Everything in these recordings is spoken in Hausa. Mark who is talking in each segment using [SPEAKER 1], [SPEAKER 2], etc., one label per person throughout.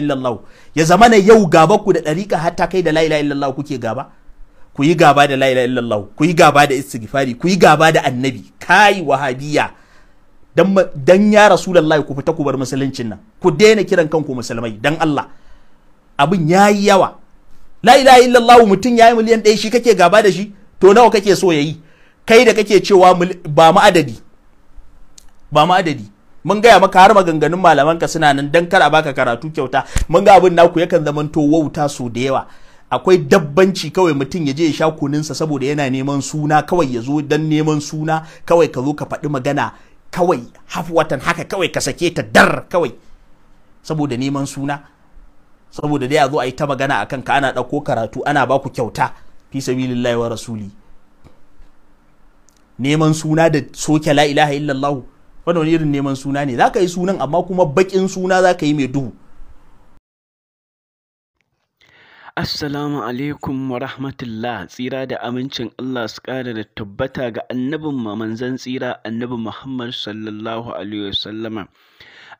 [SPEAKER 1] illallahu ya zama na yau gaba ku da ɗariƙa ta kai da la ilaha kuke gaba ku yi gaba da la ilaha ku yi gaba da istighfari ku yi gaba da annabi kai wahabiya dan dan ya rasulullahi ku fita ku bar musuluncin nan ku daina kiran kanku musulmai dan Allah abin yayi yawa la ilaha illallah mutum yayi miliyan ɗaya shi kake gaba da shi to nawa kake so yayi kai da kake cewa ba mu adadi ba mu adadi mun gaya maka har maganganun malamanka suna nan dan kar a baka karatu kyauta mun ga abin naku yakan zamanto wauta su da yawa akwai dabbanci kawai mutum ya je ya sha kuninsa saboda yana neman suna kawai ya zo dan neman suna kawai ka zo ka faɗi magana kawai hafwatan haka kawai ka sake ta dar kawai saboda neman suna saboda dai a zo a yi ta magana a kanka ana ɗauko karatu ana baku kyauta fi sabilillahi wa rasuli neman suna da soke la ilaha illallah wannan wani irin neman suna ne za ka yi sunan amma kuma bakin suna za ka yi mai duhu
[SPEAKER 2] Assalamu alaikum wa rahmatullah tsira da amincin Allah su ƙara da tabbata ga annabin manzan tsira annabi Muhammad sallallahu alaihi wasallama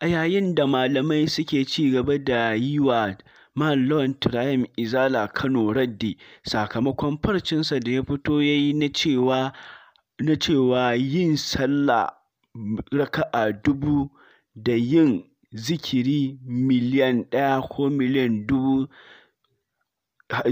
[SPEAKER 2] a yayin da malamai suke ci gaba da yi wa Malon Turaim Izala Kano Raddi sakamakon farcinsa da ya fito ya yi na cewa yin sallah raka'a dubu da yin zikiri miliyan ɗaya ko miliyan dubu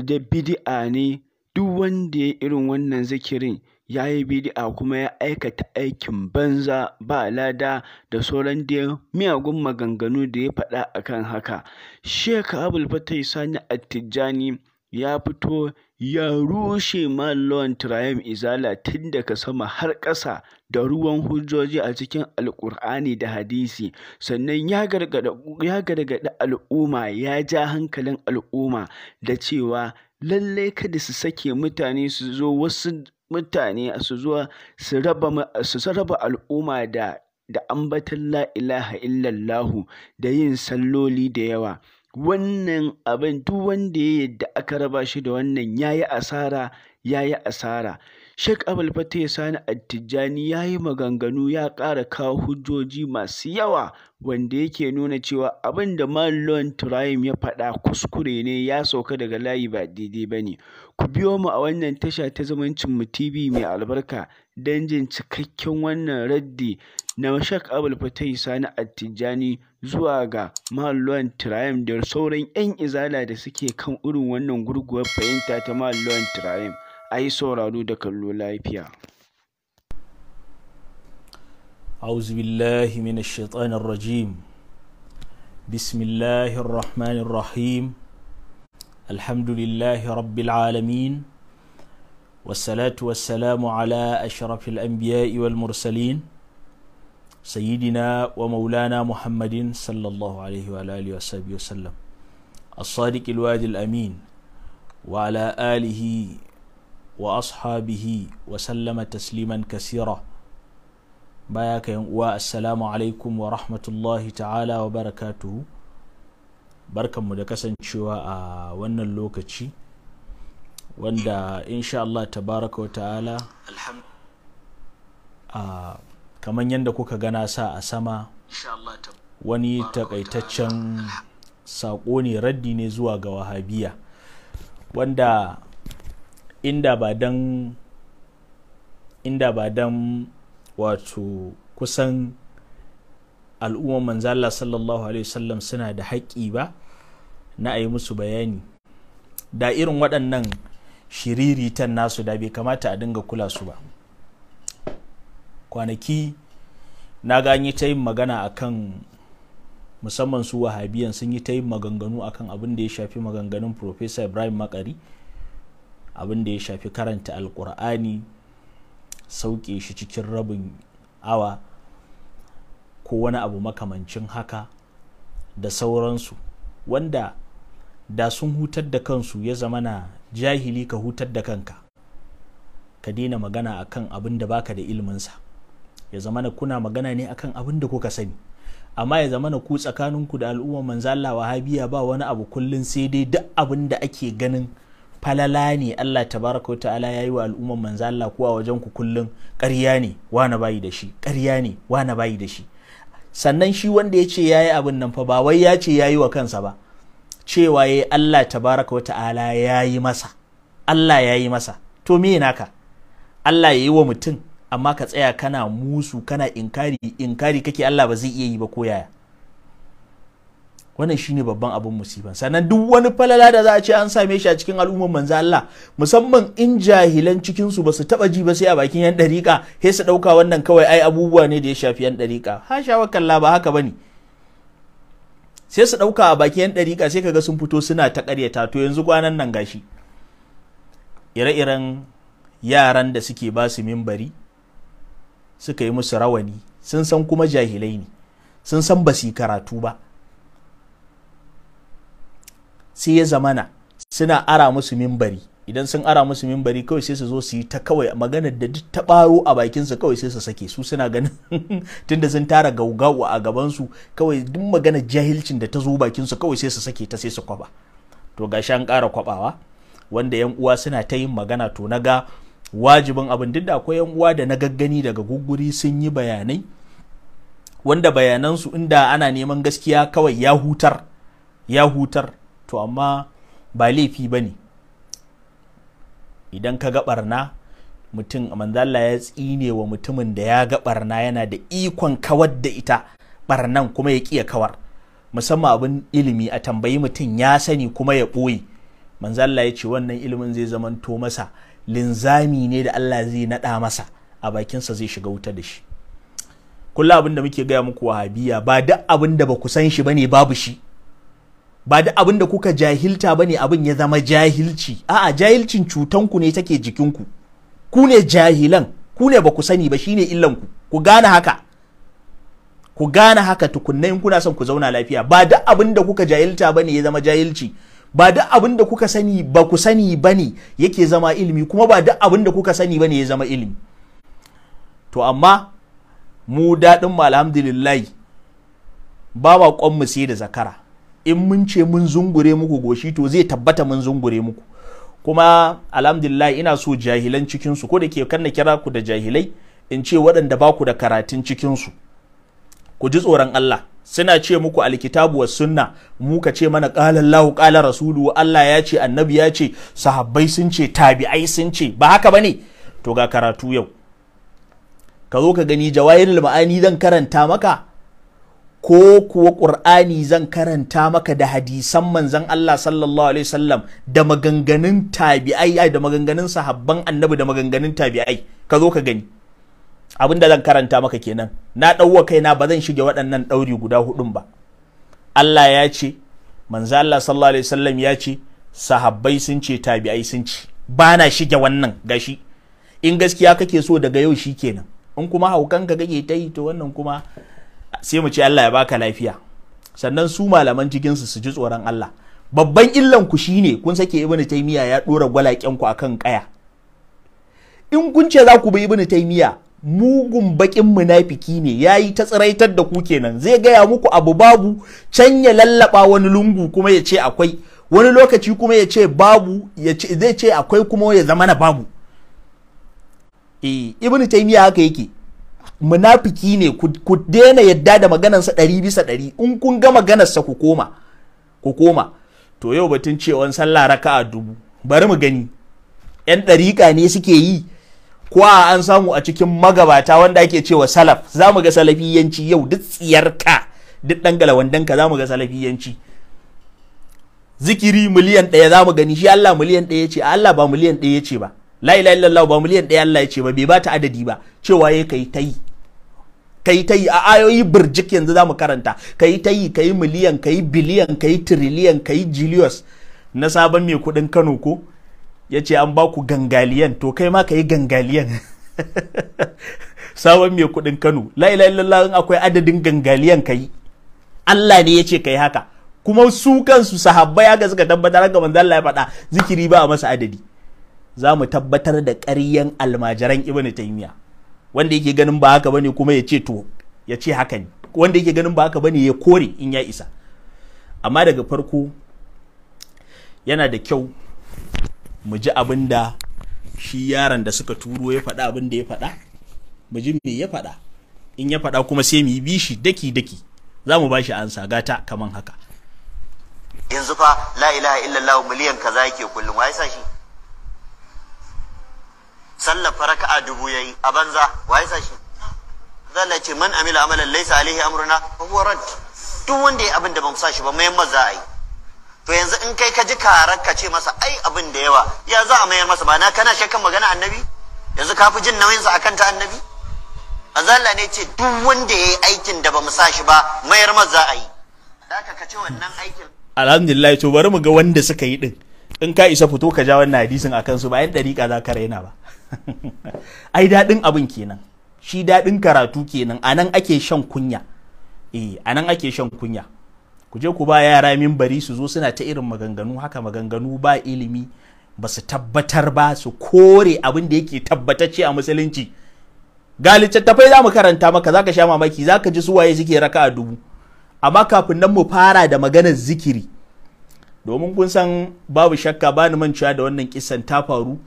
[SPEAKER 2] da bid'a ne, duk wanda ya irin wannan zikirin ya yi bid'a kuma ya aikata aikin banza ba lada da sauran dai miyagun maganganu da ya faɗa akan haka. Sheikh Abul Fatai Sani Attijjani ya fito ya rushe Marouane Traoré Izala tun daga sama har ƙasa da ruwan hujjoji a cikin Alƙur'ani da hadisi sannan ya gargaɗi al'umma ya ja hankalin al'umma da cewa lallai kada su sake mutane su zo wasu mutane su zo su raba al'umma da da ambatan la illallahu da yin salloli da yawa wannan abin duk wanda ya yadda aka raba shi da wannan ya yi asara ya yi asara shek Abul Fatih Sani Attijani ya yi maganganu ya ƙara kawo hujjoji masu yawa wanda yake nuna cewa abin da malon Turayim ya faɗa kuskure ne ya sauka daga layi ba daidai ba ne. Ku biyo mu a wannan tasha ta zamancin mu TV mai albarka don jin cikakken wannan raddi na Sheikh Abul Fatai Sani Attijani zuwa ga Malluwan Tirayim da sauran 'yan izala da suke kan irin wannan gurguwar fahimta ta Malluwan Tirayim. A yi sauraro da kallo lafiya.
[SPEAKER 1] أعوذ بالله من الشيطان الرجيم بسم الله الرحمن الرحيم الحمد لله رب العالمين والصلاة والسلام على أشرف الأنبياء والمرسلين سيدنا ومولانا محمد صلى الله عليه وعلى آله وصحبه وسلم الصادق الوعد الأمين وعلى آله وأصحابه وسلم تسليما كثيرا باياك والسلام عليكم ورحمة الله تعالى وبركاته بركة مدكسا شواء وانا اللوكتشي وانا إن شاء الله تبارك وتعالى الحمد آه kamar yadda kuka gana sa a sama wani takaitaccen saƙo ne raddi ne zuwa ga wahabiya wanda inda ba don inda ba don wato kusan al'ummar manzala sallallahu alaihi wasallam suna da haƙƙi ba na a yi musu bayani da irin waɗannan shiriritan nasu da bai kamata a dinga kula su ba kwanaki na ganye ta yin magana a kan musamman su wahabiyan sun yi ta yin maganganu a kan abin da ya shafi maganganun profesa ibrahim makari abin da ya shafi karanta alkur'ani sauke shi cikin rabin awa ko wani abu makamancin haka da sauransu wanda da sun hutar da kansu ya zama na jahili ka hutar da kanka ka daina magana a kan abin da baka da ilminsa ya zamana kuna magana ne akan abin da kuka sani amma ya zamana ku tsakanin ku da al'ummar manzo Allah wahabiya ba wani abu kullun sai dai duk abin da ake ganin falala ne Allah tabaraka wa ta'ala yayi wa al'ummar manzo Allah ko wajen ku kullun ƙarya ne wani bayi da shi ƙarya ne wani bayi da shi sannan shi wanda ya ce yayi abin nan fa ba wai ya ce yayi wa kansa ba cewa yayi Allah tabaraka wa ta'ala yayi masa Allah yayi masa to me naka Allah yayi wa mutum amma ka tsaya kana musu kana inkari inkari kake Allah ba zai iya yi ba ko yaya wannan shine babban abin musiba. sannan duk wani falala da za a ce an same shi a cikin al'ummar manzo Allah musamman in jahilan cikin su basu taba ji ba sai a bakin yan dariƙa sai su dauka wannan kawai ai abubuwa ne da ya shafi yan dariƙa hasha wakalla ba haka bane sai su dauka a bakin yan dariƙa sai kaga sun fito suna ta ƙaryata to yanzu kwanan nan gashi ire-iren yaran da suke ba su mimbari suka yi musu rawani sun san kuma jahilai ne sun san ba su karatu ba sai ya zamana suna ara musu mimbari idan sun ara musu mimbari kawai sai su zo su yi ta kawai maganar da duk ta baro a bakinsu kawai sai su sake su suna ganin tunda sun tara gaugawa a gabansu kawai duk maganar jahilcin da ta zo bakinsu kawai sai su sake ta sai su kwaba to gashi an kara kwabawa wanda yan uwa suna ta yin magana to na ga wajibin abin duk da akwai yan uwa da na gaggani daga gugguri sun yi bayanai wanda bayanansu inda ana neman gaskiya kawai ya hutar ya hutar to amma ba laifi ba ne idan ka ga ɓarna, mutum manzala ya tsine wa mutumin da ya ga ɓarna, yana da ikon kawar da ita barnan kuma ya kiya kawar musamman abin ilimi a tambayi mutum ya sani kuma ya ɓoye manzala ya ce wannan ilimin zai zamanto masa linzami ne da Allah zai naɗa masa a bakinsa zai shiga wuta da shi kullum abin da muke gaya muku wahabiya ba duk abin da ba ku san shi bane babu shi ba duk abin da kuka jahilta bane abin ya zama jahilci a'a jahilcin cutanku ne take jikin ku ne jahilan ku ne ba ku sani ba shine illanku ku gane haka ku gane haka tukunna in kuna son ku zauna lafiya ba duk abin da kuka jahilta bane ya zama jahilci ba duk abin da kuka sani ba ku sani bane yake zama ilimi kuma ba duk abin da kuka sani bane ya zama ilimi to amma mu daɗin mu alhamdulillahi ba ma mu sai da zakara in mun ce mun zungure muku goshi to zai tabbata mun zungure muku kuma alhamdulillah ina so jahilan cikinsu. su ko da ke kan na kira ku da jahilai in ce waɗanda ba ku da karatun cikinsu. ku ji tsoron Allah suna ce muku alkitabu was sunna mu ka ce mana qala Allahu qala rasulu Allah ya ce annabi ya ce sahabbai sun ce tabi'ai sun ce ba haka bane to ga karatu yau ka zo ka gani jawayin ma'ani zan karanta maka ko kuwa ƙur'ani zan karanta maka da hadisan manzan Allah sallallahu alaihi wasallam da maganganun tabi'ai da maganganun sahabban annabi da maganganun tabi'ai ka zo ka gani abinda zan karanta maka kenan na ɗauwa kaina ba zan shige waɗannan ɗauri guda hudun ba Allah ya ce manzo Allah sallallahu alaihi wasallam ya ce sahabbai sun ce tabi'ai sun ce ba na shige wannan gashi in gaskiya kake so daga yau shi kenan in kuma haukanka kake ta yi to wannan kuma sai mu ce Allah ya baka lafiya sannan su malaman cikinsu su ji tsoron Allah babban illan ku shine kun sake ibnu taymiya ya dora gwalaken ku akan kaya in kun ce za ku bi ibnu taymiya mugun bakin munafiki ne ya yi ta tsiraitar da ku kenan zai gaya muku abu babu can ya lallaba wani lungu kuma ya ce akwai wani lokaci kuma ya ce babu zai ce akwai kuma ya zama na babu e, ibn taymiya haka yake munafiki ne ku daina yadda da maganarsa ɗari bisa ɗari in kun ga maganarsa ku koma ku koma to yau batun cewa sallah raka'a dubu bari mu gani yan ɗariƙa ne suke yi ko an samu a cikin magabata wanda ake cewa salaf za mu ga salafiyanci yau duk tsiyarka duk ɗan galawandanka za mu ga salafiyanci zikiri miliyan ɗaya za mu gani shi Allah miliyan ɗaya ce Allah ba miliyan ɗaya ce ba la ilaha illallah ba miliyan ɗaya Allah ya ce ba bai ba ta adadi ba cewa ya kai ta yi kai ta yi a ayoyi birjik yanzu za mu karanta kai ta yi kai miliyan kai biliyan kai tiriliyan kai jiliyos na sabon mai kuɗin Kano ko ya ce an baku gangaliyan to kai ma ka yi gangaliyan sabon mai kudin kano la'ilallallah in akwai adadin gangaliyan ka yi allah ne ya ce ka yi haka kuma su kansu sahabbai haka suka tabbatar ga manzo Allah ya faɗa zikiri ba a masa adadi za mu tabbatar da ƙaryan almajiran ibnu taymiya wanda yake ganin ba haka bane kuma ya ce to ya ce haka ne wanda yake ganin ba haka bane ya kore in ya isa amma daga farko yana da kyau mu ji abin da shi yaron da suka turo ya faɗa abin da ya faɗa mu ji me ya faɗa in ya faɗa kuma sai mu yi bishi daki daki za mu ba shi ansa gata kaman haka yanzu fa la ilaha illallah miliyan kaza yake kullum wai sa shi sallar faraka'a dubu yayi a banza wai sa shi zalla ce man amila amalan laysa alaihi amruna fa huwa rad duk wanda ya abin da ban sa shi ba za a yi. to yanzu in kai ka ji karar ka ce masa ai abin da yawa ya za a mayar masa ba na kana shi kan magana annabi yanzu ka fi jin nauyinsa akan ta annabi azalla ne ce duk wanda ya aikin da ba sa shi ba mayar masa za a yi haka ka ce wannan aikin alhamdulillah to bari mu ga wanda suka yi din in ka isa fito ka ja wannan hadisin akan su bayan dariƙa za ka raina ba ai daɗin abin kenan shi daɗin karatu kenan anan ake shan kunya eh anan ake shan kunya ku je ku ba yara mimbari su zo suna ta irin maganganu haka maganganu ba ilimi ba su tabbatar ba su kore abin da yake tabbatacce a musulunci ga littattafai za mu karanta maka zaka sha mamaki zaka ji su waye suke raka a dubu amma kafin nan mu fara da maganar zikiri domin kun san babu shakka bani mancewa da wannan kisan ta faru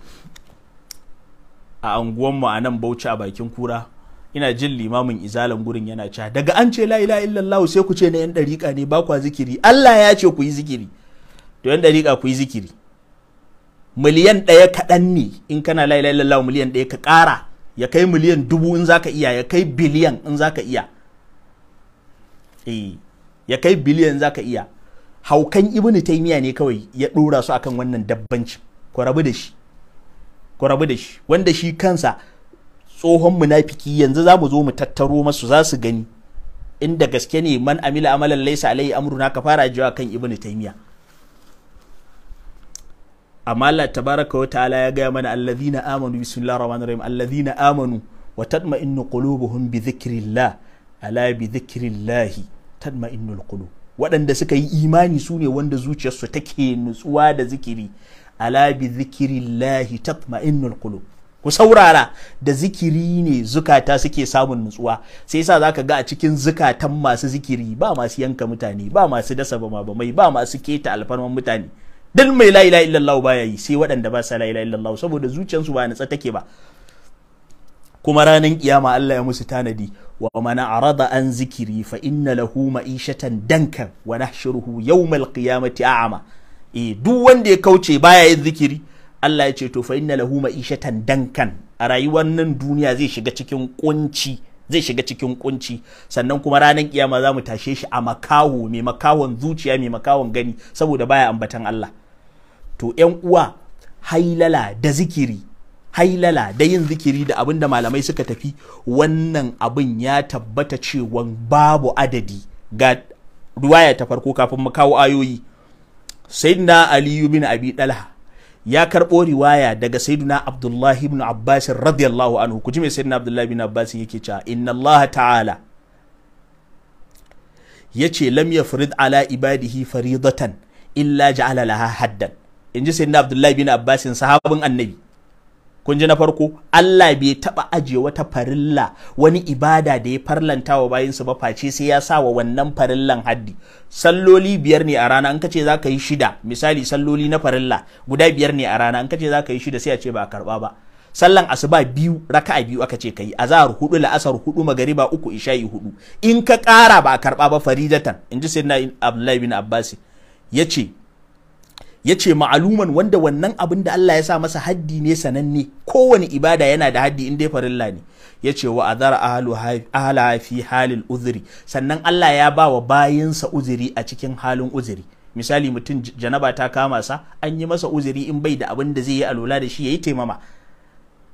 [SPEAKER 1] a anguwanmu a nan bauchi a bakin kura ina jin limamin izalan gurin yana cewa daga an ce la ilaha illallah sai ku ce na yan dariƙa ne ba kwa zikiri Allah ya ce ku yi zikiri to yan dariƙa ku yi zikiri miliyan ɗaya kaɗan ne in kana la ilaha illallah miliyan ɗaya ka ƙara ya kai miliyan dubu in zaka iya ya kai biliyan in zaka iya eh ya kai biliyan zaka iya haukan ibnu taymiya ne kawai ya ɗora su akan wannan dabbanci ku rabu da shi ku rabu da shi wanda shi kansa tsohon munafiki yanzu za mu zo mu tattaro masu za su gani inda gaske ne man amila amalan laisa alai amruna ka fara jiwa kan ibnu taymiya amma Allah tabaraka wa ta'ala ya gaya mana alladhina amanu bismillahir rahmanir rahim alladhina amanu wa tatma'innu qulubuhum bi dhikrillah ala bi dhikrillah tatma'innul qulub waɗanda suka yi imani sune wanda zuciyarsu take nutsuwa da zikiri ala bi dhikrillah tatma'innul qulub ku saurara da zikiri ne zukata suke samun nutsuwa sai yasa zaka ga a cikin zukatan masu zikiri ba masu yanka mutane ba masu dasa bama mai ba masu keta alfarman mutane duk mai la ilaha illallah ba yi sai waɗanda ba sa la ilaha illallah saboda su ba nutsa take ba kuma ranan kiyama Allah ya musu tanadi wa man arada an zikiri fa inna lahu ma'ishatan dankan wa nahshuruhu yawmal qiyamati a'ama eh duk wanda ya kauce baya yin zikiri Allah ya ce to fa inna lahu ma'ishatan dankan a rayuwar nan duniya zai shiga cikin kunci zai shiga cikin kunci sannan kuma ranar kiyama za mu tashe shi a makaho mai makahon zuciya mai makahon gani saboda baya ambatan Allah to yan uwa hailala da zikiri hailala da yin zikiri da abin da malamai suka tafi wannan abin ya tabbata cewa babu adadi ga ruwaya ta farko kafin mu kawo ayoyi sayyidina aliyu bin abi dalha ya karɓo riwaya daga sayyidina abdullahi ibn abbas radiyallahu anhu ku ji me sayyidina abdullahi ibn abbas yake cewa inna allah ta'ala yace lam yafrid ala ibadihi faridatan illa ja'ala laha haddan ji sayyidina abdullahi ibn abbas sahabin annabi kun ji na farko Allah bai taɓa ajiye wata farilla wani ibada da ya farlanta wa bayinsa ba face sai ya sa wa wannan farillan haddi salloli biyar ne a rana an kace za ka yi shida misali salloli na farilla guda biyar ne a rana an kace za ka yi shida sai a ce ba karba ba sallan asuba biyu raka'a biyu aka ce kai azhar hudu la'asar hudu magariba uku isha'i hudu in ka ƙara ba a karɓa ba faridatan inji sayyidina Abdullahi bin Abbas yace ya ce ma'aluman wanda wannan abin da Allah ya sa masa haddi ne sananne kowane ibada yana da haddi in dai farilla ne ya ce wa azara ahala fi halin uzuri sannan Allah ya ba wa bayinsa uzuri a cikin halin uzuri misali mutum janaba ta kama sa an yi masa uzuri in bai da abin da zai yi alola da shi ya yi taimama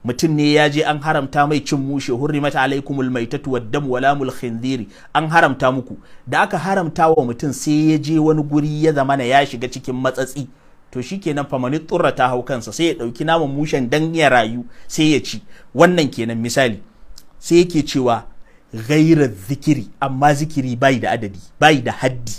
[SPEAKER 1] mutum ne ya je an haramta mai cin mushe mata alaikumul maitatu wala mulkin khinziri an haramta muku da aka haramta wa mutum sai ya je wani guri ya zama na ya shiga cikin matsatsi to shi kenan famani tsurra ta hau kansa sai ya ɗauki naman mushen dan ya rayu sai ya ci wannan kenan misali sai yake cewa gaira zikiri amma zikiri bai da adadi bai da haddi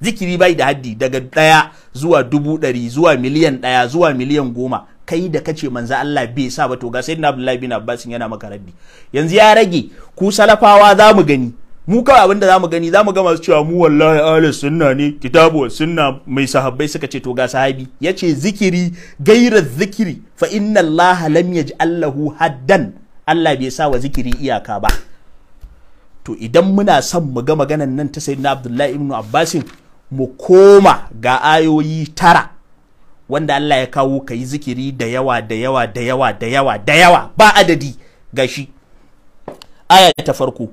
[SPEAKER 1] zikiri bai da haddi daga ɗaya zuwa dubu ɗari zuwa miliyan ɗaya zuwa miliyan goma kai da kace manzo Allah bai sa ba to ga sayyidina Abdullahi bin Abbas yana maka raddi yanzu ya rage ku salafawa za mu gani mu kawai abin da zamu gani zamu ga masu cewa mu wallahi ahli sunna ne kitabu sunna mai sahabbai suka ce to ga sahabi yace zikiri gaira zikiri fa inna Allah lam yaj'al lahu haddan Allah bai sa wa zikiri iyaka ba to idan muna son mu ga maganan nan ta sayyidina Abdullahi ibn Abbasin mu koma ga ayoyi tara wanda Allah ya kawo ka yi zikiri da yawa da yawa da yawa da yawa da yawa ba adadi ga shi. aya ta farko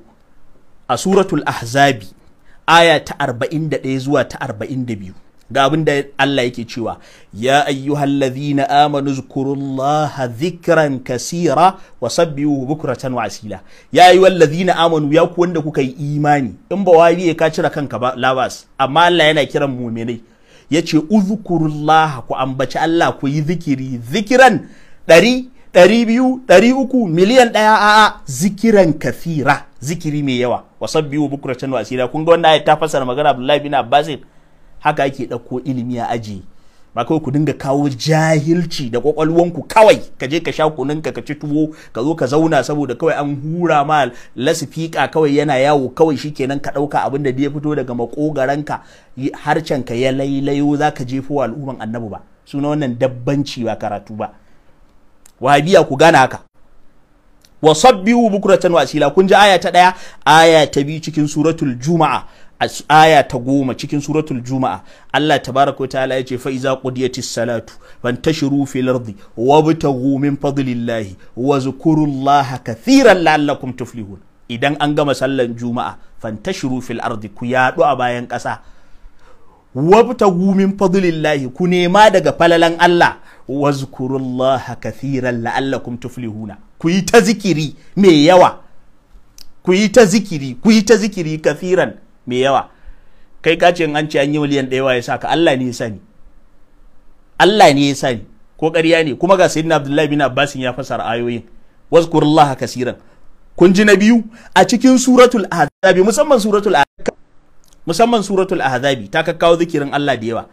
[SPEAKER 1] a suratul ahzabi aya ta 41 zuwa ta 42 ga abin da Allah yake cewa ya na amanu zkurullaha dhikran kasira wa sabbihu bukratan wa asila ya na amanu ya ku wanda kuka yi imani in ba wariye ka cire kanka ba labas amma Allah yana kiran mu'minai ya ce uzukurullaha ku ambaci Allah ku yi zikiri zikiran ɗari ɗari biyu ɗari uku miliyan ɗaya a'a zikiran kafira zikiri mai yawa wasan biyu bukuratan wasira kun ga wanda ayat ta fassara magana Abdullahi bin Abbas haka ake ɗauko ilimi a aji ba kawai ku dinga kawo jahilci da kwakwalwanku kawai ka je ka sha kununka ka ci tuwo ka zo ka zauna saboda kawai an hura ma lasifika kawai yana yawo kawai shi shikenan ka ɗauka abin da ya fito daga makogaranka ka ya lailayo za ka jefo al'umman annabu ba suna wannan dabbanci ba karatu ba wahabiya ku gana haka wa sabbihu bukratan wasila kun ji aya ta daya aya ta biyu cikin suratul juma'a a aya ta goma cikin suratul juma'a Allah tabaraka wa ta'ala ya ce fa iza qudiyatis salatu fantashiru fil ardi wabtaghu min fadlillahi wa zkurullaha kathiran la'allakum tuflihun idan an gama sallan juma'a fantashiru fil ardi ku yadu a bayan ƙasa wabtaghu min fadlillahi ku nema daga falalan Allah wa zkurullaha kathiran la'allakum tuflihuna ku yi ta zikiri mai yawa ku yi ta zikiri ku yi ta zikiri kathiran Me yawa kai ka ce an ce an yi miliyan ɗaya ya saka Allah ne ya sani Allah ne ya sani ko ƙarya ne kuma ga sayyidina Abdullahi bin Abbas ya fasara ayoyin wazkurullaha kasiran kun ji na biyu a cikin suratul ahzabi musamman suratul ahzabi musamman suratul ahzabi ta kakkawo zikirin Allah da yawa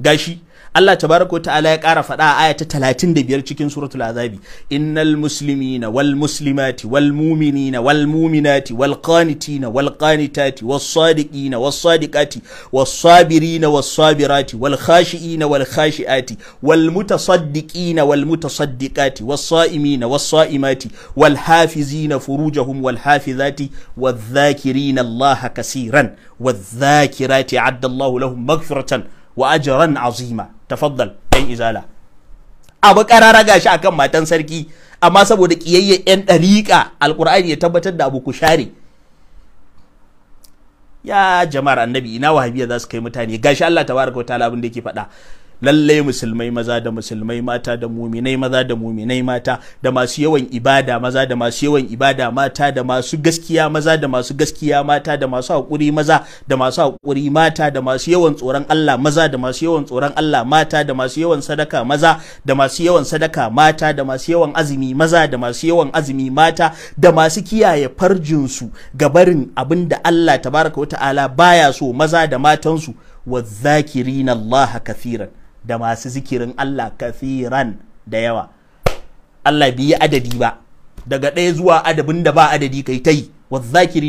[SPEAKER 1] gashi Allah tabaraka wa ta'ala ya ƙara faɗa a aya ta 35 cikin suratul azabi innal muslimina wal muslimati wal mu'minina wal mu'minati wal qanitina wal qanitati was sadiqina was sadiqati was sabirina was sabirati wal khashiina wal khashiati wal mutasaddiqina wal mutasaddiqati was saimina was saimati wal hafizina furujahum wal hafizati wadh-dhakirina Allah kaseeran wadh-dhakirati 'adda Allahu lahum maghfiratan wa ajran azima tafaddal yan izala abu karara gashi akan matan sarki amma saboda kiyayye yan dariƙa alqur'ani ya tabbatar da abu ku share ya jama'ar annabi ina wahabiya za su kai mutane gashi Allah tabaraka wa ta'ala abin da yake faɗa lalle musulmai maza da musulmai mata da muminai maza da muminai mata da masu yawan ibada maza da masu yawan ibada mata da masu gaskiya maza da masu gaskiya mata da masu haƙuri maza da masu haƙuri mata da masu yawan tsoron Allah maza da masu yawan tsoron Allah mata da masu yawan sadaka maza da masu yawan sadaka mata da masu yawan azumi maza da masu yawan azumi mata da masu kiyaye farjinsu ga barin abin da Allah tabaraka wa ta'ala baya so maza da matansu wa zakirina Allah kathiran da masu zikirin Allah kafiran da yawa Allah bai adadi ba daga ɗaya zuwa adabin da ba adadi kai ta yi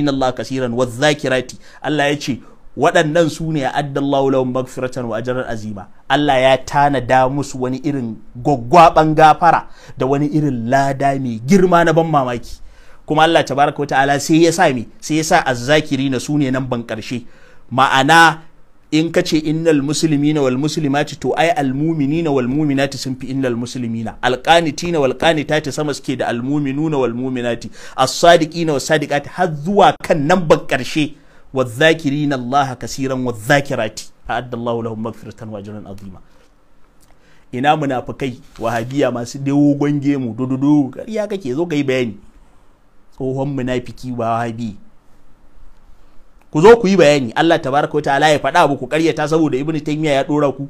[SPEAKER 1] na Allah kasiran wazzakirati Allah ya ce waɗannan su ne addallahu lahum magfiratan wa ajran azima Allah ya tanada musu wani irin gwaggwaban gafara da wani irin lada mai girma na ban mamaki kuma Allah tabaraka wa ta'ala sai ya sa me sai ya sa su ne nan ban ƙarshe. ma'ana in ka ce innal muslimina wal muslimati to ai al mu'minina wal mu'minati sun fi innal muslimina al qanitina wal qanitati sama suke da al mu'minuna wal mu'minati as sadiqina was sadiqati har zuwa kan nan ban karshe wa dhakirina Allah kasiran wa dhakirati adda Allah lahum maghfiratan wa ajran azima ina munafikai wahabiya masu dogon gemu dododo ya kake zo kai bayani tsohon munafiki wahabi ku zo ku yi bayani Allah tabaraka wa ta'ala ya faɗa abu ku karyata saboda Ibn taymiya ya dora ku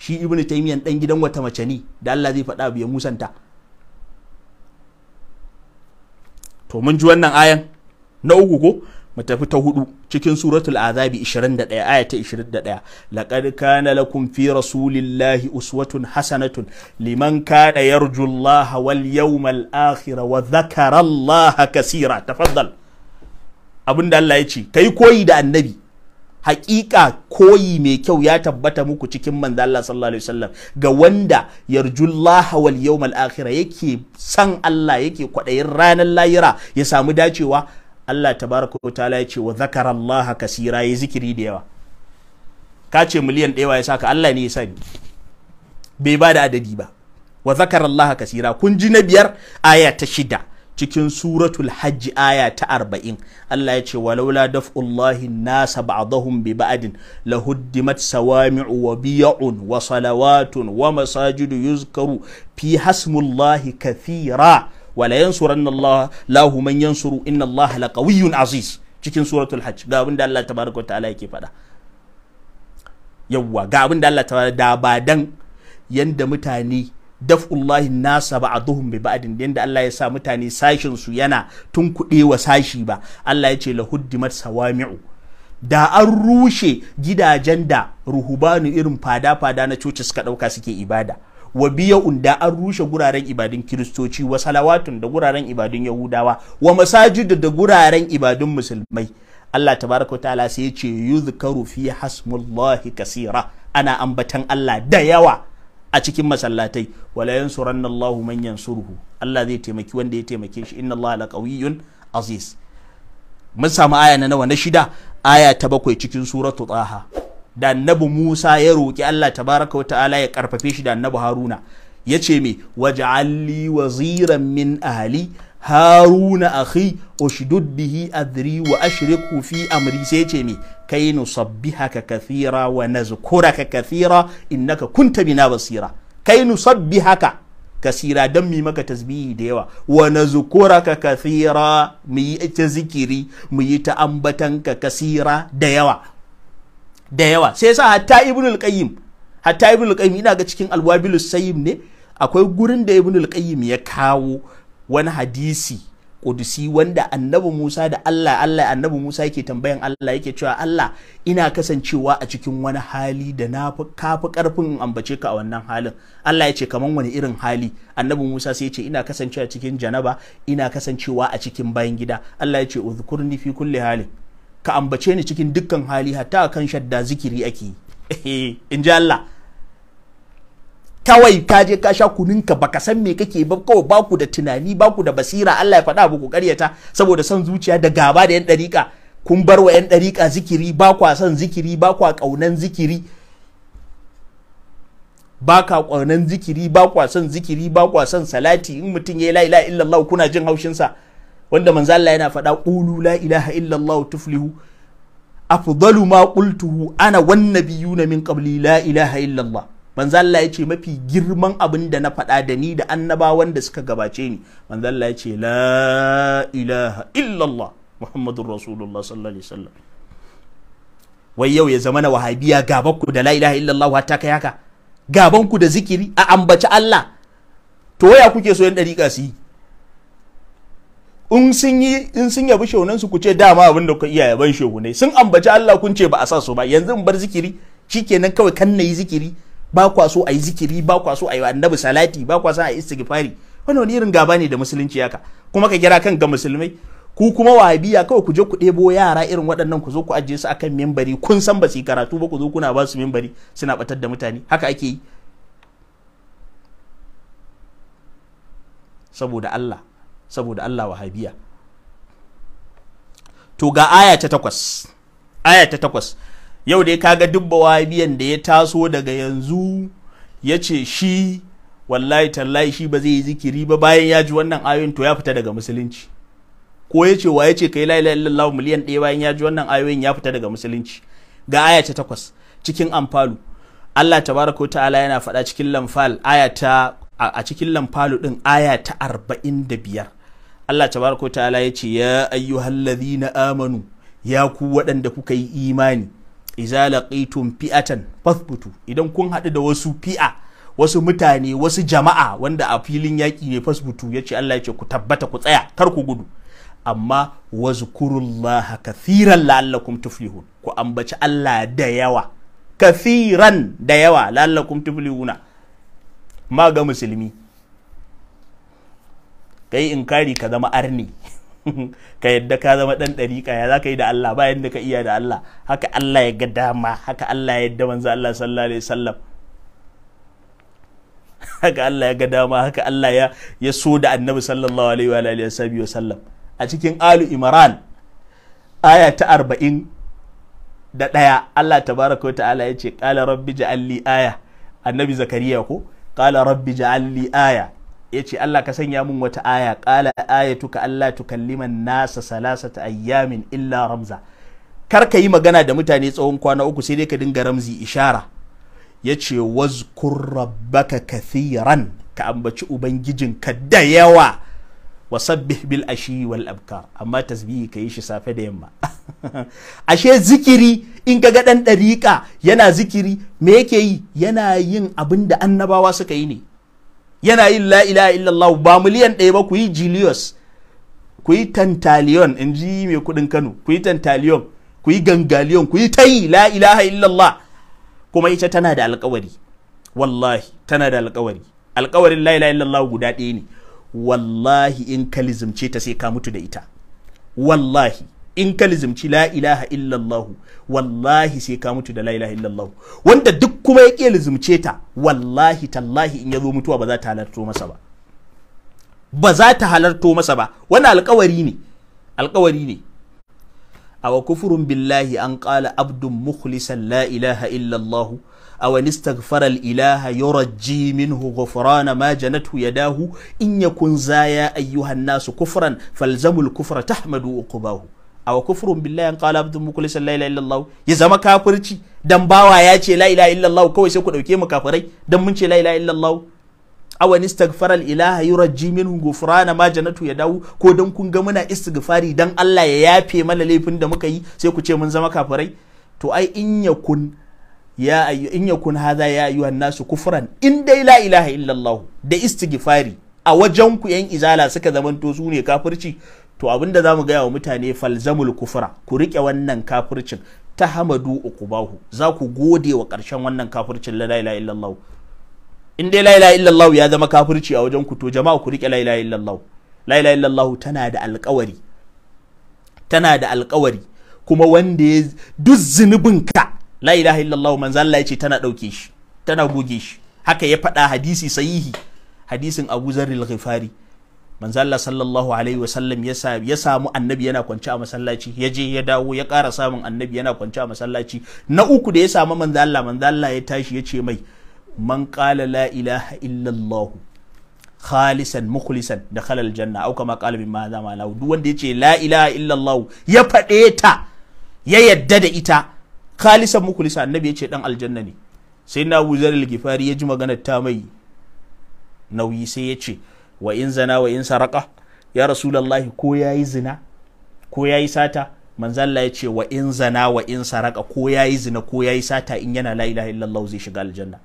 [SPEAKER 1] shi Ibn Taymiya dan gidan wata mace ne da Allah zai faɗa abu ya musanta to mun ji wannan ayan na uku ko mu tafi ta hudu cikin suratul azabi 21 aya ta 21 laqad kana lakum fi rasulillahi uswatun hasanatun liman kana yarjullaha wal yawmal akhir wa dhakara allaha kaseera tafaddal abin da Allah ya ce ka yi koyi da annabi hakika koyi mai kyau ya tabbata muku cikin manzo Allah sallallahu alaihi wasallam ga wanda yarjullaha wal yawmal akhirah yake san Allah yake kwadayin ranar layira ya samu dacewa Allah tabaraka wa ta'ala ya ce wa zakara kasira ya zikiri da yawa ka ce miliyan ɗaya ya saka Allah ne ya sani bai ba da adadi ba wa zakara kasira kun ji na biyar aya ta shida cikin suratul hajji aya ta arba'in Allah ya ce walaula daf'ullahi nasa ba'dahum bi ba'din lahuddimat sawami'u wa biya'un wa salawatun wa masajidu yuzkaru fi hasmullahi kathira wala yansuranna Allah lahu man yansuru inna Allah laqawiyyun aziz cikin suratul hajj ga abin da Allah tabaraka ta'ala yake faɗa yawwa ga abin da Allah tabaraka da ba dan yanda mutane daf'ullahi nasa ba a ba a ba'din da Allah ya sa mutane sashin su yana tun kuɗe wa sashi ba Allah ya ce la sawami'u da an rushe gidajen da ruhubanu irin fada-fada na coci suka ɗauka suke ibada wa biya'un da an rushe guraren ibadun kiristoci wa salawatun da guraren ibadun yahudawa wa masajidu da guraren ibadun musulmai Allah tabaraka wa ta'ala sai ya ce yuzkaru fi hasmullahi kasira ana ambatan Allah da yawa a cikin masallatai wala yansuranna Allahu man yansuruhu Allah zai taimaki wanda ya taimake shi inna Allah laqawiyyun aziz mun samu aya na nawa na shida aya ta bakwai cikin suratu taha da annabi Musa ya roki Allah tabaraka wa ta'ala ya karfafe shi da annabi Haruna yace me waj'alli waziran min ahli haruna akhi ushdud bihi adri wa ashriku fi amri sai yace me kai nusabbihaka kathira wa nazkuraka kathira naka kunta bina basira kai haka kasira don mi maka tasbihi da yawa wa nazkuraka kathira mu yi ta zikiri mu yi ta ambatanka kasira da yawa da yawa sai sa hatta ibn qayyim hatta ina ga cikin alwabilus sayyim ne akwai gurin da ibn qayyim ya kawo wani hadisi kudusi wanda annabi Musa da Allah Allah annabi Musa yake tambayan Allah yake cewa Allah ina kasancewa a cikin wani hali da na kafi karfin ambace ka a wannan halin Allah ya ce kaman wani irin hali annabi Musa sai ya ce ina kasancewa cikin janaba ina kasancewa a cikin bayan gida Allah ya ce uzkurni fi kulli hali. ka ambace ni cikin dukkan hali hatta kan shadda zikiri ake yi. in ji Allah kawai ka je ka sha kuninka baka san me kake ba kawai baku da tunani baku da basira Allah ya faɗa ba ku karyata saboda son zuciya da gaba da yan ɗariƙa kun bar wa yan ɗariƙa zikiri ba kwa son zikiri ba kwa ƙaunan zikiri ba ka ƙaunan zikiri ba kwa son zikiri ba kwa son salati in mutum ya la ilaha illallah kuna jin haushinsa wanda manzo Allah yana faɗa qulu la ilaha illallah tuflihu afdalu ma qultuhu ana wan nabiyuna min qabli la ilaha illallah manzo Allah ya ce mafi girman abin da na faɗa da ni da annabawan da suka gabace ni manzo Allah ya ce la ilaha illallah muhammadur rasulullah sallallahu alaihi wasallam wai yau ya zama na wahabiya gaban ku da la ilaha illallah wata kai haka gaban ku da zikiri a ambaci Allah to waya kuke so yan dariƙa su yi in sun yi in sun yabi shaunansu ku ce dama abin da ku iya yaban shaunai sun ambaci Allah kun ce ba a sa su ba yanzu in bar zikiri shikenan kawai kan na yi zikiri ba kwa so a zikiri ba kwa so a annabi salati ba kwa so a yi istighfari wannan wani irin gaba ne da musulunci haka kuma ka kira kan ga musulmai ku kuma wahabiya kawai ku je ku ɗebo yara irin waɗannan ku zo ku ajiye su akan mimbari. kun san ba su karatu ba ku zo kuna ba su membari suna batar da mutane haka ake yi saboda Allah saboda Allah wahabiya to ga aya ta takwas aya ta takwas yau dai kaga dubba biyan da ya taso daga yanzu ya ce shi wallahi tallahi shi ba zai yi zikiri ba bayan ya ji wannan ayoyin to ya fita daga musulunci ko ya ce wa ya ce kai la ilaha illallah miliyan ɗaya bayan ya ji wannan ayoyin ya fita daga musulunci ga aya ta takwas cikin amfalu Allah tabaraka wa ta'ala yana faɗa cikin lamfal aya ta a cikin lamfalu din aya ta arba'in da biyar Allah tabaraka wa ta'ala ya ce ya ayyuhallazina amanu ya ku waɗanda kuka yi imani izala laqitum fi'atan fathbutu idan kun haɗu da wasu fi'a wasu mutane wasu jama'a wanda a filin yaƙi ne fasbutu ya ce Allah ya ce ku tabbata ku tsaya kar ku gudu amma wazkurullaha kathiran la'allakum tuflihun ku ambaci Allah da yawa kathiran da yawa la'allakum tuflihuna ma ga musulmi kai inkari ka zama arni ka yadda ka zama dan dariƙa ya zaka yi da Allah ba yadda ka iya da Allah haka Allah ya ga dama haka Allah ya yadda manzo Allah sallallahu alaihi wasallam haka Allah ya ga dama haka Allah ya ya so da Annabi sallallahu alaihi wa alihi wasallam a cikin Alu Imran aya ta 40 da ɗaya Allah tabaraka wa ta'ala ya ce qala rabbi ja'alli aya Annabi Zakariya ko qala rabbi ja'alli aya ya ce Allah ka sanya mun wata aya ƙala ayatuka Allah tukalliman nasa salasa ta ayyamin illa ramza kar ka yi magana da mutane tsawon kwana uku sai dai ka dinga ramzi ishara ya ce wazkur rabbaka kathiran ka ambaci Ubangijin? da yawa wasabbih bil ashi wal abkar amma tasbihi ka yi shi safe da yamma ashe zikiri in ka ga dan dariƙa yana zikiri me yake yi yana yin abin da annabawa suka yi ne yana yin la'ila a illallah ba miliyan ɗaya ba ku yi jiliyos ku yi tantaliyon in ji mai kuɗin kano ku yi tantaliyon ku yi gangaliyon ku yi tayi la ilaha illallah kuma ita tana da alkawari wallahi tana da alkawari alkawarin la'ila a illallah guda ɗaya ne wallahi in ka lizimce ta sai ka mutu da ita wallahi in ka lizimci la ilaha illallahu wallahi sai ka mutu da la ilaha illallahu wanda duk kuma ya ƙi lizimce ta wallahi tallahi in ya zo mutuwa ba za ta halarto masa ba ba za ta halarto masa ba wani alkawari ne alkawari ne wa kufurun billahi an ƙala abdun mukhlisan la ilaha illallah aw istaghfara al ilaha yurji minhu ghufrana ma janatu yadahu in yakun zaya ayyuhan nasu kufran falzamul kufra tahmadu A wa kufurun billahi an qala abdu mukhlis la ilaha illallah ya zama kafirci dan bawa ya ce la ilaha illallah kawai sai ku dauke mu kafirai dan mun ce la ilaha illallah aw an istaghfara al ilaha yurji minhu ghufrana ma janatu ya dawo ko dan kun ga muna istighfari dan Allah ya yafe mana laifin da muka yi sai ku ce mun zama kafirai to ai in yakun ya in yakun hadha ya ayyuhan nasu kufran in dai la ilaha illallah da istighfari a wajen ku yan izala suka zamanto su ne kafirci to abin da za mu gaya wa mutane falzamul kufra ku rike wannan kafircin ta hamadu ukubahu za ku gode wa ƙarshen wannan kafircin la ilaha illallah in dai la ilaha illallah ya zama kafirci a wajen ku to jama'a ku rike la ilaha illallah la ilaha illallah tana da alƙawari tana da alƙawari kuma wanda ya duk zunubin ka la ilaha illallah manzo Allah ya tana dauke shi tana goge shi haka ya faɗa hadisi sahihi hadisin Abu Zarril Ghifari manzalla sallallahu alaihi wasallam ya samu annabi yana kwance a masallaci ya je ya dawo ya ƙara samun annabi yana kwance a masallaci na uku da ya samu manzo Allah ya tashi ya ce mai man qala la ilaha illallah khalisan mukhlisan da khalal janna au kama qala mimma za ma duk wanda ya ce la ilaha illallah ya faɗe ta ya yadda da ita khalisan mukhlisan annabi ya ce dan aljanna ne sai na wuzar al-gifari ya ji maganar ta mai nauyi sai ya ce wa in zana wa in saraka ya rasulullahi ko ya yi zina ko ya yi sata manzalla ya ce wa in zana wa in saraka ko ya yi zina ko ya yi sata in yana la ilaha illallah zai shiga aljanna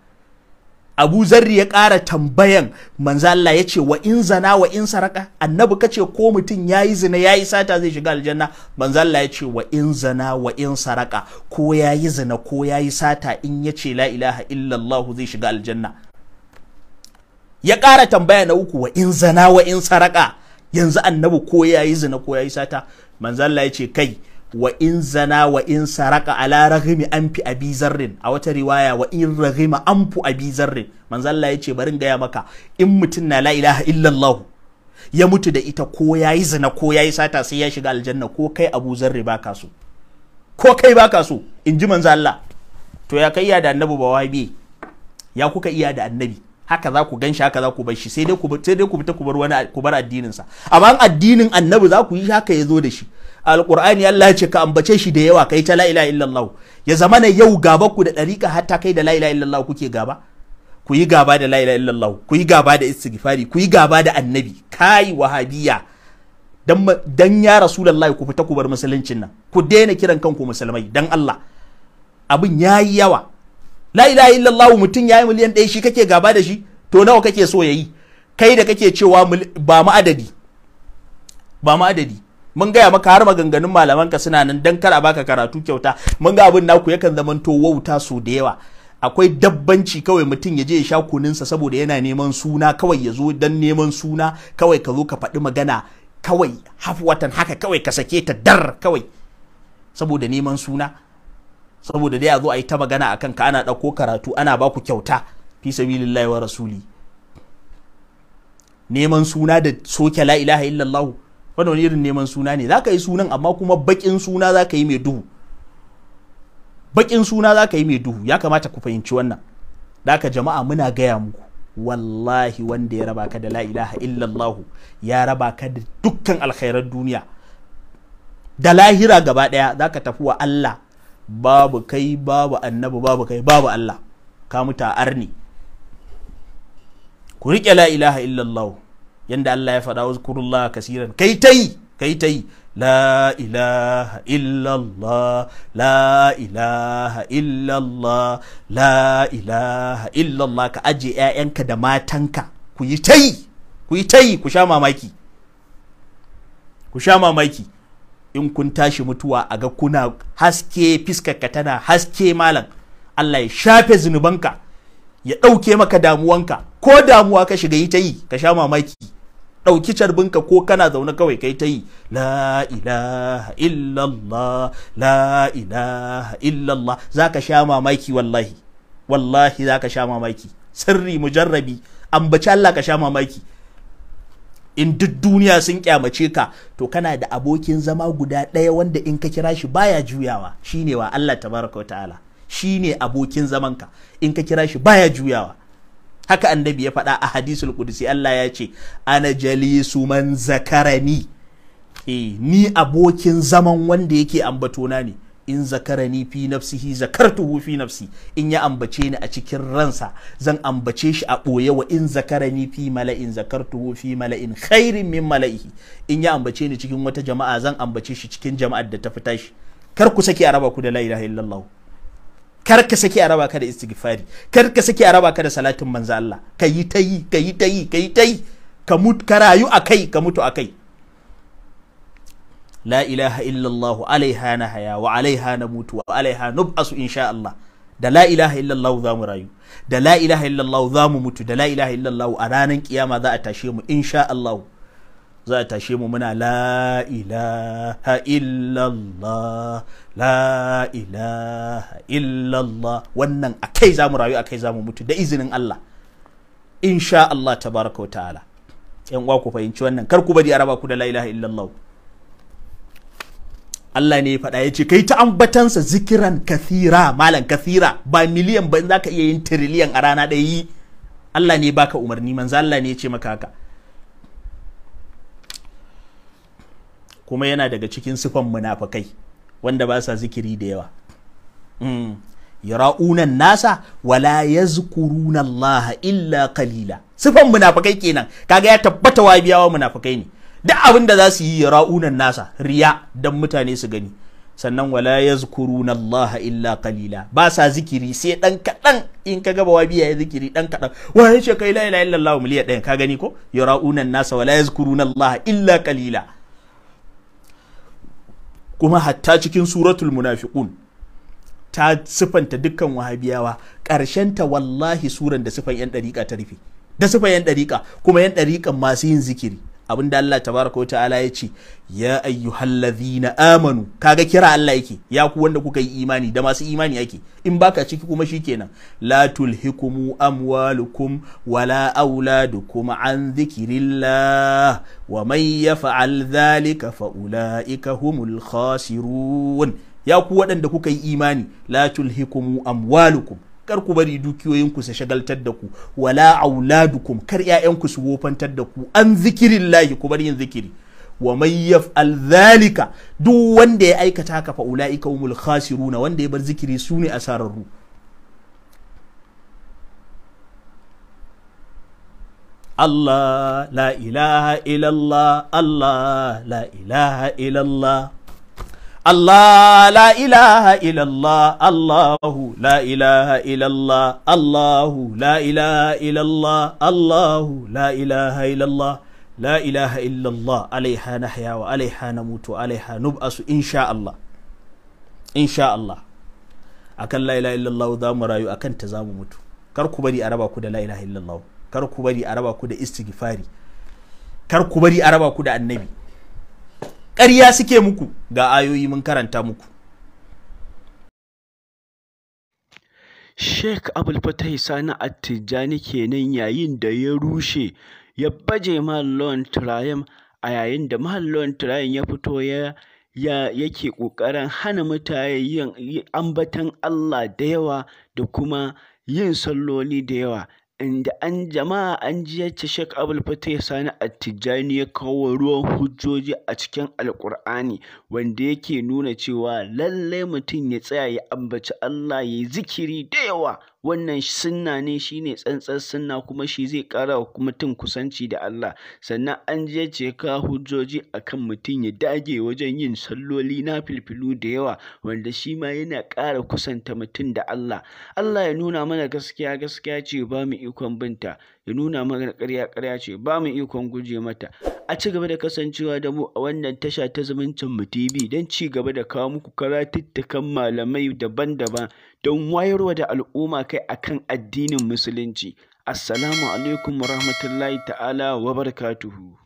[SPEAKER 1] abu zarri ya ƙara tambayan manzalla ya ce wa in zana wa in saraka annabi kace ko mutum ya yi zina ya yi sata zai shiga aljanna manzalla ya ce wa in zana wa in saraka ko ya yi zina ko ya yi sata in yace ce la ilaha illallah zai shiga aljanna ya ƙara tambaya na uku wa in zana wa in saraka yanzu annabi ko ya yi zina ko ya yi sata manzalla ya ce kai wa in zana wa in saraka ala raghimi anfi abi zarrin a wata riwaya wa in raghima anfu abi zarrin manzalla ya ce bari in gaya maka in mutum na la ilaha illallah ya mutu da ita ko ya yi zina ko ya yi sata sai ya shiga aljanna ko kai abu zarri ka so ko kai ka so in ji manzo Allah to ya kai iya da annabi ba wahabi ya kuka iya da annabi haka za ku ganshi haka za ku bar shi sai dai ku sai dai ku ta ku bar wani ku bar addinin sa amma addinin annabi za ku yi haka yazo da shi alqur'ani Allah ya ce ka ambace shi da yawa kai ta la ilaha illallah ya zama na yau gaba ku da dariƙa hatta kai da la ilaha illallah kuke gaba ku yi gaba da la ilaha illallah ku yi gaba da istighfari ku yi gaba da annabi kai wahabiyya dan dan ya rasulullahi ku fita ku bar musuluncin nan ku daina kiran kanku musulmai dan Allah abin yayi yawa la ilaha illallah mutum yayi miliyan ɗaya shi kake gaba da shi to nawa kake so yayi kai da kake cewa ba mu adadi ba mu adadi mun gaya maka har maganganun malaman ka suna nan dan kar a baka karatu kyauta mun ga abin naku yakan zamanto wauta so da yawa akwai dabbanci kawai mutum ya je ya sha kuninsa saboda yana neman suna kawai ya zo dan neman suna kawai ka zo ka faɗi magana kawai hafwatan haka kawai ka sake ta dar kawai saboda neman suna saboda dai a zo a yi ta magana a kanka ana ɗauko karatu ana baku kyauta fi sabilillahi wa rasuli neman suna da soke la ilaha illallahu. wani wani irin neman suna ne za ka yi sunan amma kuma baƙin suna za ka yi mai duhu bakin suna za ka yi mai duhu ya kamata ku fahimci wannan Da ka jama'a muna gaya muku wallahi wanda ya raba ka da la ilaha illallahu. ya raba ka da dukkan alkhairar duniya da lahira gaba daya ka tafi wa Allah babu kai babu annabi babu kai babu Allah ka muta arni ku riƙe la ilaha illallah yanda Allah ya faɗa uzkurullah kasiran kai tai kai tai la ilaha illallah la ilaha illallah la ilaha illallah ka aje ƴaƴanka da matanka ku yi tai ku yi tai ku sha mamaki ku sha mamaki in kun tashi mutuwa a ga kuna haske fiskarka tana haske malam Allah ya shafe zunubanka ya ɗauke maka damuwanka ko damuwa ka shiga yi ta yi ka sha mamaki ɗauki carbinka ko kana zaune kawai kai ta yi la ilaha illallah la ilaha illallah za ka sha mamaki wallahi wallahi za ka sha mamaki sirri mujarrabi ambaci Allah ka sha mamaki in duk duniya sun kyamace ka to kana da abokin zama guda ɗaya wanda in ka kira shi baya juyawa shine wa Allah tabaraka wa ta'ala shine abokin zamanka in ka kira shi baya juyawa haka annabi ya faɗa a hadisul qudsi Allah ya ce ana jalisu man zakarani eh ni abokin zaman wanda yake ambatona ne in zakarani fi nafsihi zakartuhu fi nafsi in ya ambace ni a cikin ransa zan ambace shi a ɓoye wa in zakarani fi mala'in zakartuhu fi mala'in khairin min mala'ihi in ya ambace ni cikin wata jama'a zan ambace shi cikin jama'ar da ta fita shi kar ku saki a raba ku da la ilaha illallah kar ka saki a raba ka da istighfari kar ka saki a raba ka da salatin manzo Allah ka yi ta yi ka yi ta yi ka yi ta yi ka mutu ka rayu akai ka mutu akai la ilaha illallah alaiha na haya wa alaiha na mutu wa alaiha nub'asu insha Allah da la ilaha illallah za mu rayu da la ilaha illallah za mu mutu da la ilaha illallah a ranar kiyama za a tashe mu insha Allah za a tashe mu muna la ilaha illallah la ilaha illallah wannan a kai za mu rayu a kai za mu mutu da izinin Allah insha Allah tabaraka wa ta'ala yan uwa ku fahimci wannan kar ku bari a raba ku da la ilaha illallah Allah ne ya faɗa ya ce kai ta ambatansa zikiran kathira malam kathira ba miliyan ba za ka iya yin tiriliyan a rana ɗaya yi Allah ne baka umarni manzo Allah ne ya ce maka haka kuma yana daga cikin sifan munafakai wanda ba sa zikiri da yawa mm. yara'unan nasa wala yazkuruna Allah illa kalila. sifan munafakai kenan kaga ya tabbata wa biyawa munafakai ne duk abin da za su yi ra'unan nasa riya don mutane su gani sannan wala yazkuruna Allah illa kalila. ba sa zikiri sai dan kadan in ka gaba bawabiya ya zikiri dan kadan ya ce kai la ilaha illallah miliya ɗaya, ka gani ko Ya ra'unan nasa wala yazkuruna Allah illa kalila. kuma hatta cikin suratul munafiqun ta sifanta dukkan wahabiyawa ƙarshen ta wallahi suran da sifan yan ɗariƙa ta rufe da sifan yan ɗariƙa, kuma yan ɗariƙan masu yin zikiri abin da Allah tabaraka wa ta'ala ya ce ya ayyuhallazina amanu kaga kira Allah yake ya ku wanda kuka yi imani da masu imani yake in baka ciki kuma shikenan la tulhikumu amwalukum wala auladukum an dhikrillah wa man yaf'al dhalika fa ulaika humul khasirun ya ku waɗanda kuka yi imani la tulhikumu amwalukum kar ku bari ku su shagaltar da ku wala auladukum kar ku su wofantar da ku an zikirin ku bari yin zikiri wa man yaf'al dhalika duk wanda ya aikata haka fa ulaika humul khasiruna wanda ya bar zikiri su ne asararru Allah la ilaha illallah Allah la ilaha illallah Allah la ilaha illallah Allahu la ilaha illallah Allahu la ilaha illallah Allahu la ilaha illallah la ilaha illallah alaiha nahya wa alaiha namutu alaiha nub'asu insha Allah insha Allah akan la ilaha illallah za mu rayu akan ta za mutu kar ku bari a ku da la ilaha illallah kar ku bari a ku da istighfari kar ku bari a raba ku da annabi ƙarya suke muku ga ayoyi mun karanta muku
[SPEAKER 2] Sheikh Abul Fatai Sani Attijani kenan yayin da ya rushe ya baje Mahallon Turayim a yayin da Mahallon Turayim ya fito ya ya yake ƙoƙarin hana mutane yin ambatan Allah da yawa da kuma yin salloli da yawa inda an jama'a an ji yacce Sheikh Abdul Sani at ya kawo ruwan hujjoji a cikin Alƙur'ani. wanda yake nuna cewa lallai mutum ya tsaya ya ambaci Allah ya yi zikiri da yawa wannan sunna ne shi ne tsantsar sunna kuma shi zai kara wa mutum kusanci da Allah sannan an je ce ka hujjoji akan mutum ya dage wajen yin salloli na filfilu da yawa wanda shi ma yana kara kusanta mutum da Allah Allah ya nuna mana gaskiya gaskiya ce ba mu ikon binta ya nuna mana karya ƙarya ce ba mu ikon guje mata a ci gaba da kasancewa da mu a wannan tasha ta zumuncin mu TV don ci gaba da kawo muku karatuttukan malamai daban-daban don wayarwa da al'umma kai akan addinin musulunci assalamu alaikum warahmatullahi ta'ala wa barakatuhu